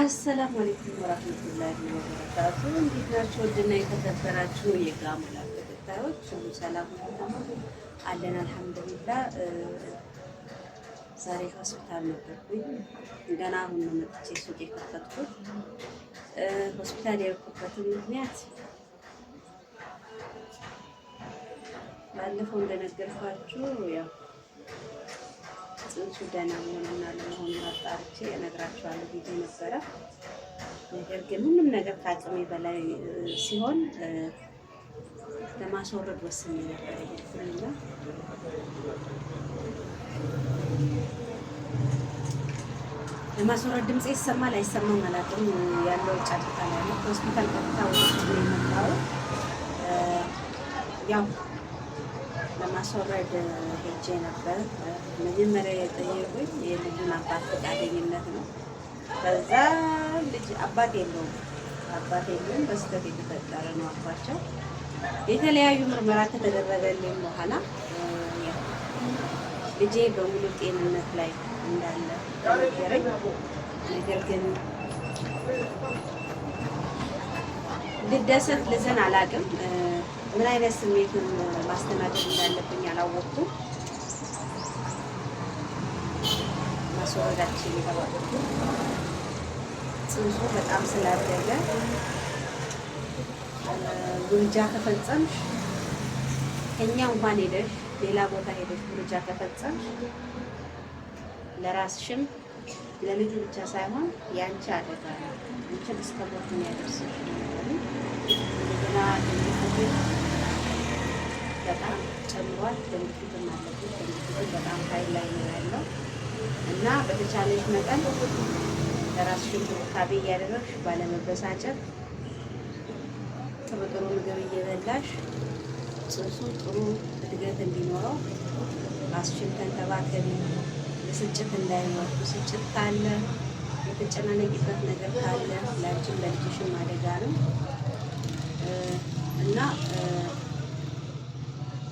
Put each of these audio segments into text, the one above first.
አሰላሙ አለይኩም ወራህመቱላሂ ወበረካቱ። እንዴት ናችሁ? ወድና የተከበራችሁ የጋሙላ ተከታዮች ሁሉ ሰላም አለን፣ አልሐምዱሊላ። ዛሬ ሆስፒታል ነበርኩኝ። ገና አሁን መጥቼ ሱቅ የከፈትኩት። ሆስፒታል የሄድኩበትን ምክንያት ባለፈው እንደነገርኳችሁ ያው ጽንሱ ደህና መሆኑና ለመሆኑ አጣርቼ እነግራቸዋለሁ ብዬ ነበረ። ነገር ግን ሁሉም ነገር ከአቅሜ በላይ ሲሆን ለማስወረድ ወስኜ ነበር ይሄንና ለማስወረድ ድምፅ ይሰማል አይሰማም አላውቅም። ያለው ጫጭታ ላይ ነው። ሆስፒታል ቀጥታ ወደ የመጣው ያው ለማስወረድ ሄጄ ነበር። መጀመሪያ የጠየቁኝ የልጁን አባት ፈቃደኝነት ነው። ከዛ ልጅ አባት የለውም አባት የለውም በስተት የተፈጠረ ነው አባቸው። የተለያዩ ምርመራ ከተደረገልኝ በኋላ ልጄ በሙሉ ጤንነት ላይ እንዳለ ተነገረኝ። ነገር ግን ልደሰት ልዘን አላውቅም። ምን አይነት ስሜት ማስተናገድ እንዳለብኝ አላወቅኩም። ማስወረዳችን የተባለቱ ጽንሱ በጣም ስላደገ ጉርጃ ከፈጸምሽ ከኛ እንኳን ሄደሽ ሌላ ቦታ ሄደሽ ጉርጃ ከፈጸምሽ ለራስሽም ለልጁ ብቻ ሳይሆን ያንቺ አደጋ ነው። አንቺን እስከ ሞት የሚያደርስሽ ነገሩ እንደገና በጣም ጨምሯል። በምትትም አለብኝ በምትትም በጣም ኃይል ላይ ነው ያለው እና በተቻለሽ መጠን ለራስሽ እንክብካቤ እያደረግሽ ባለመበሳጨት ጥሩ ጥሩ ምግብ እየበላሽ ጽንሱ ጥሩ እድገት እንዲኖረው ራስሽን ተንከባከቢ። ብስጭት እንዳይኖር፣ ብስጭት ካለ የተጨናነቂበት ነገር ካለ ላንቺም ለልጅሽም አደጋ ነው እና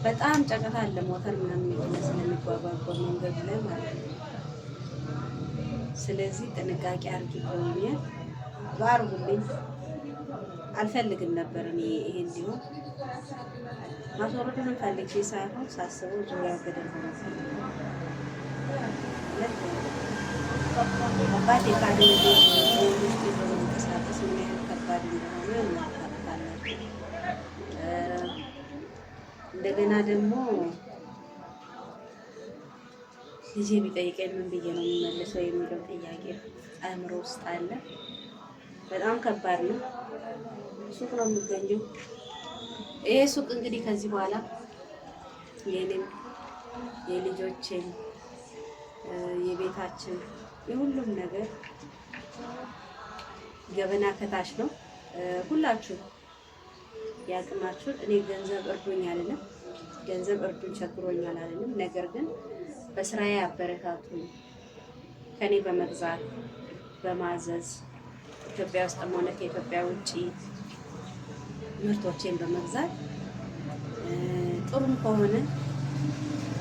በጣም ጫጫታ አለ። ሞተር ምናምን የሆነ ስለሚጓጓጓው መንገድ ላይ ማለት ነው። ስለዚህ ጥንቃቄ አርጊ። በሆነ ባርጉልኝ አልፈልግም ነበር እኔ ይሄ እንዲሆን ማስወረዱን ፈልግ ሳይሆን ሳስበው ዙሪያ ገደል ከባድ የካደ መንቀሳቀስ ምን ያህል ከባድ እንደሆነ እናካትታለን። እንደገና ደግሞ ልጄ ቢጠይቀኝ ምን ብዬ ነው የሚመልሰው የሚለው ጥያቄ አእምሮ ውስጥ አለ። በጣም ከባድ ነው። ሱቅ ነው የሚገኘው። ይሄ ሱቅ እንግዲህ ከዚህ በኋላ የኔም የልጆችን የቤታችን የሁሉም ነገር ገበና ከታች ነው ሁላችሁ ያቅማችሁን። እኔ ገንዘብ እርዱኝ አልልም፣ ገንዘብ እርዱኝ ቸግሮኛል አልልም። ነገር ግን በስራዬ አበረታቱኝ ከኔ በመግዛት በማዘዝ ኢትዮጵያ ውስጥ ሆነ ከኢትዮጵያ ውጭ ምርቶቼን በመግዛት ጥሩም ከሆነ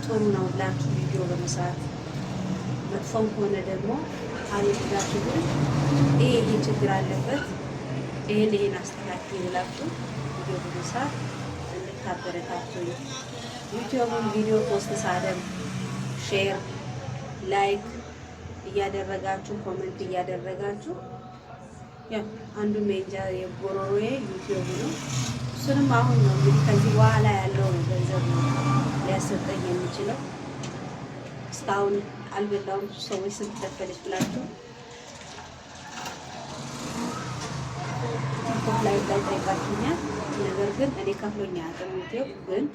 ጥሩ ነው ላችሁ ቪዲዮ በመስራት መጥፎም ከሆነ ደግሞ አቤቱታችሁን ይሄ ይሄ ችግር አለበት ይሄን ይሄን አስተካክል ይላችሁ ቪዲዮ ብዙ እንድታበረታቱኝ ዩቲዩብን ቪዲዮ ፖስት ሳደም ሼር፣ ላይክ እያደረጋችሁ ኮመንት እያደረጋችሁ አንዱ ሜጃ የጎሮሮዬ ዩቲዩብ ነው። እሱንም አሁን ነው እንግዲህ ከዚህ በኋላ ያለው ገንዘብ ሊያሰጠኝ የሚችለው። እስካሁን አልበላሁም። ሰዎች ስንት ከፈለች ብላችሁ ላይ ጠይቃችሁኛል። ነገር ግን እኔ ከፍሎኛ አቅም ግን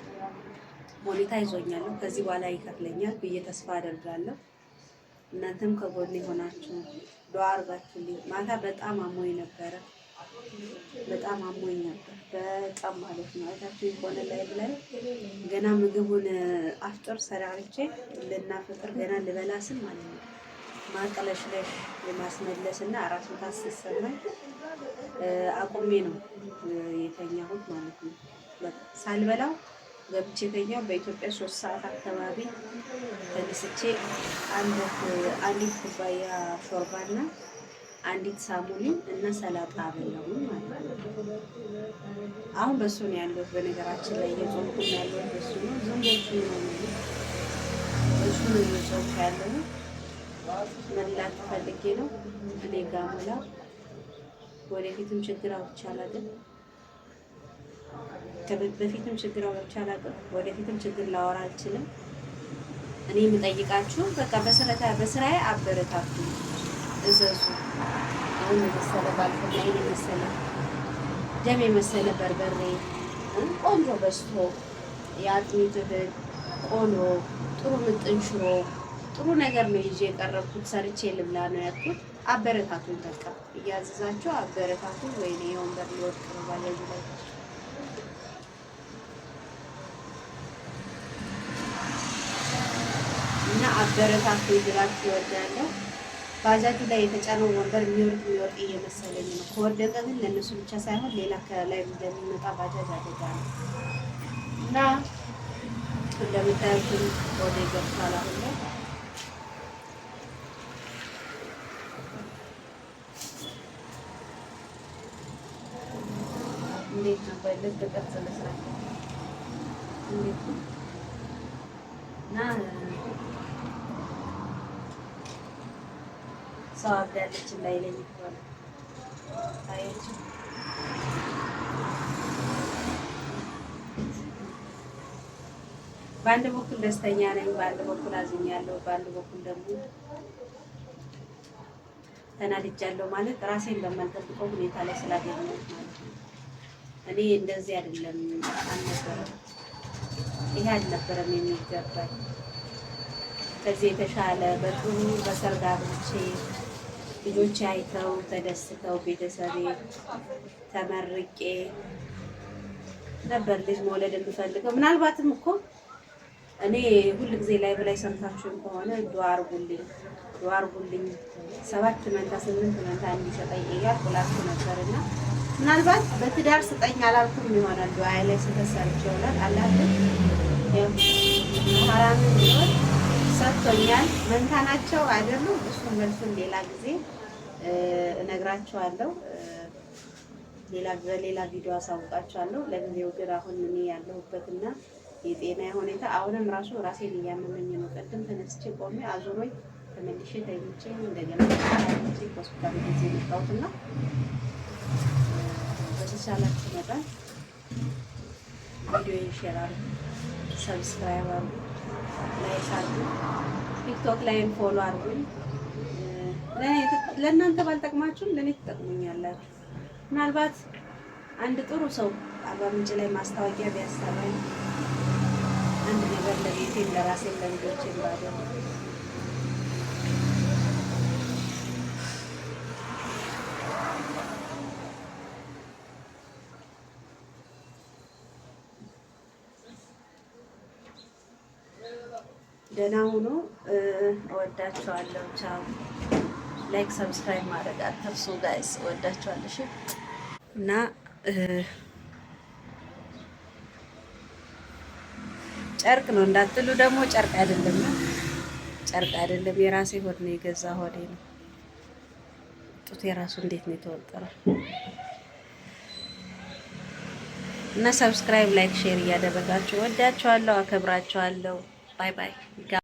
ሁኔታ ይዞኛለሁ። ከዚህ በኋላ ይከፍለኛል ብዬ ተስፋ አደርጋለሁ። እናንተም ከጎን የሆናችሁ ዱዓ አርጋችሁልኝ። ማታ በጣም አሞኝ ነበረ፣ በጣም አሞኝ ነበር፣ በጣም ማለት ነው። አይታችሁ ከሆነ ላይ ብለን ገና ምግቡን አፍጥር ሰራርቼ ልናፍጥር ገና ልበላ ማለት ነው ማንቀለሽለሽ የማስመለስ እና አራት ራሱን ታስሰማኝ አቁሜ ነው የተኛሁት ማለት ነው። ሳልበላው ገብቼ የተኛው በኢትዮጵያ ሶስት ሰዓት አካባቢ ተነስቼ አንዲት ኩባያ ሾርባ ሾርባና አንዲት ሳሙሊን እና ሰላጣ አበላሁ ማለት ነው። አሁን በሱ ነው ያለሁት። በነገራችን ላይ እየጾምኩ ያለሁት በሱ ነው። ዝንቦቹ ነው እሱ ነው እየጾምኩ ያለሁት ምን ላችሁ ነው። እኔ ወደፊትም ችግር አውርቼ አላውቅም። በፊትም ችግር አውርቼ አላውቅም። ወደፊትም ችግር ላወራ አልችልም። እኔ የምጠይቃችሁ በቃ በስረታ በስራዬ አበረታቱ፣ እዘዙ። አሁን የመሰለ ላይ የመሰለ ደም የመሰለ በርበሬ ቆንጆ በስቶ የአጥሚት እህል ቆሎ ጥሩ ምጥን ሽሮ ጥሩ ነገር ነው ይዤ የቀረብኩት፣ ሰርቼ ልብላ ነው ያልኩት። አበረታቱን በቃ እያዘዛቸው አበረታቱን። ወይኔ የወንበር ሊወድቅ ነው ባለዚ ላይ እና አበረታቱ ይድራት ይወዳለው ባጃጁ ላይ የተጫነው ወንበር የሚወርድ የሚወርድ እየመሰለኝ ነው። ከወደቀ ግን ለእነሱ ብቻ ሳይሆን ሌላ ከላይ እንደሚመጣ ባጃጅ አደጋ ነው እና እንደምታያቱን ወደ ይገብቷል አሁን ላይ እንዴት ነበር ልክ ቅርጽ መስራት እንዴት ነው? እና ሰው አብዳለች እንዳይለኝ ይሆናል። አየች በአንድ በኩል ደስተኛ ነኝ፣ በአንድ በኩል አዝኛለሁ፣ በአንድ በኩል ደግሞ ተናድጃለሁ። ማለት ራሴን በማልጠብቀው ሁኔታ ላይ ስላገኘሁት ማለት ነው። እኔ እንደዚህ አይደለም አልነበረም፣ ይሄ አልነበረም የሚገባኝ። ከዚህ የተሻለ በጥሩ በሰርግ አብርቼ ልጆች አይተው ተደስተው ቤተሰቤ ተመርቄ ነበር ልጅ መውለድ የምፈልገው። ምናልባትም እኮ እኔ ሁል ጊዜ ላይ በላይ ሰምታችሁም ከሆነ ዱዓ አድርጉልኝ፣ ዱዓ አድርጉልኝ ሰባት መንታ ስምንት መንታ እንዲሰጠኝ እያልኩ ላችሁ ነበርና ምናልባት በትዳር ስጠኝ አላልኩም ይሆናል። ዱዓይ ላይ ስለሰርች ይሆናል። አላህ ሐራምን ቢሆን ሰጥቶኛል። መንታ ናቸው አይደሉም? እሱን መልሱን ሌላ ጊዜ እነግራቸዋለሁ። ሌላ በሌላ ቪዲዮ አሳውቃቸዋለሁ። ለጊዜው ግን አሁን እኔ ያለሁበትና የጤና ሁኔታ አሁንም ራሱ ራሴን እያመመኝ ነው። ቅድም ተነስቼ ቆሜ አዙሮኝ ተመልሼ ተኝቼ እንደገና ሆስፒታል ጊዜ መጣሁትና በተቻላችሁ መጠን ቪዲዮ ይሸራል፣ ሰብስክራይብ አርጉ፣ ላይክ አርጉ፣ ቲክቶክ ላይም ፎሎ አርጉኝ። ለእናንተ ባልጠቅማችሁም ለእኔ ትጠቅሙኛላችሁ። ምናልባት አንድ ጥሩ ሰው አርባ ምንጭ ላይ ማስታወቂያ ቢያሰራኝ አንድ ነገር ለቤቴም ለራሴም ለልጆቼም ባደ ደህና ሁኑ። እወዳቸዋለሁ። ቻው። ላይክ ሰብስክራይብ ማድረግ አትርሱ ጋይስ። እወዳቸዋለሁ። እና ጨርቅ ነው እንዳትሉ ደግሞ ጨርቅ አይደለም፣ ጨርቅ አይደለም። የራሴ ሆድ ነው፣ የገዛ ሆዴ ነው። ጡት የራሱ እንዴት ነው የተወጠረው? እና ሰብስክራይብ፣ ላይክ፣ ሼር እያደረጋችሁ ወዳችኋለሁ፣ አከብራችኋለሁ። Bye-bye.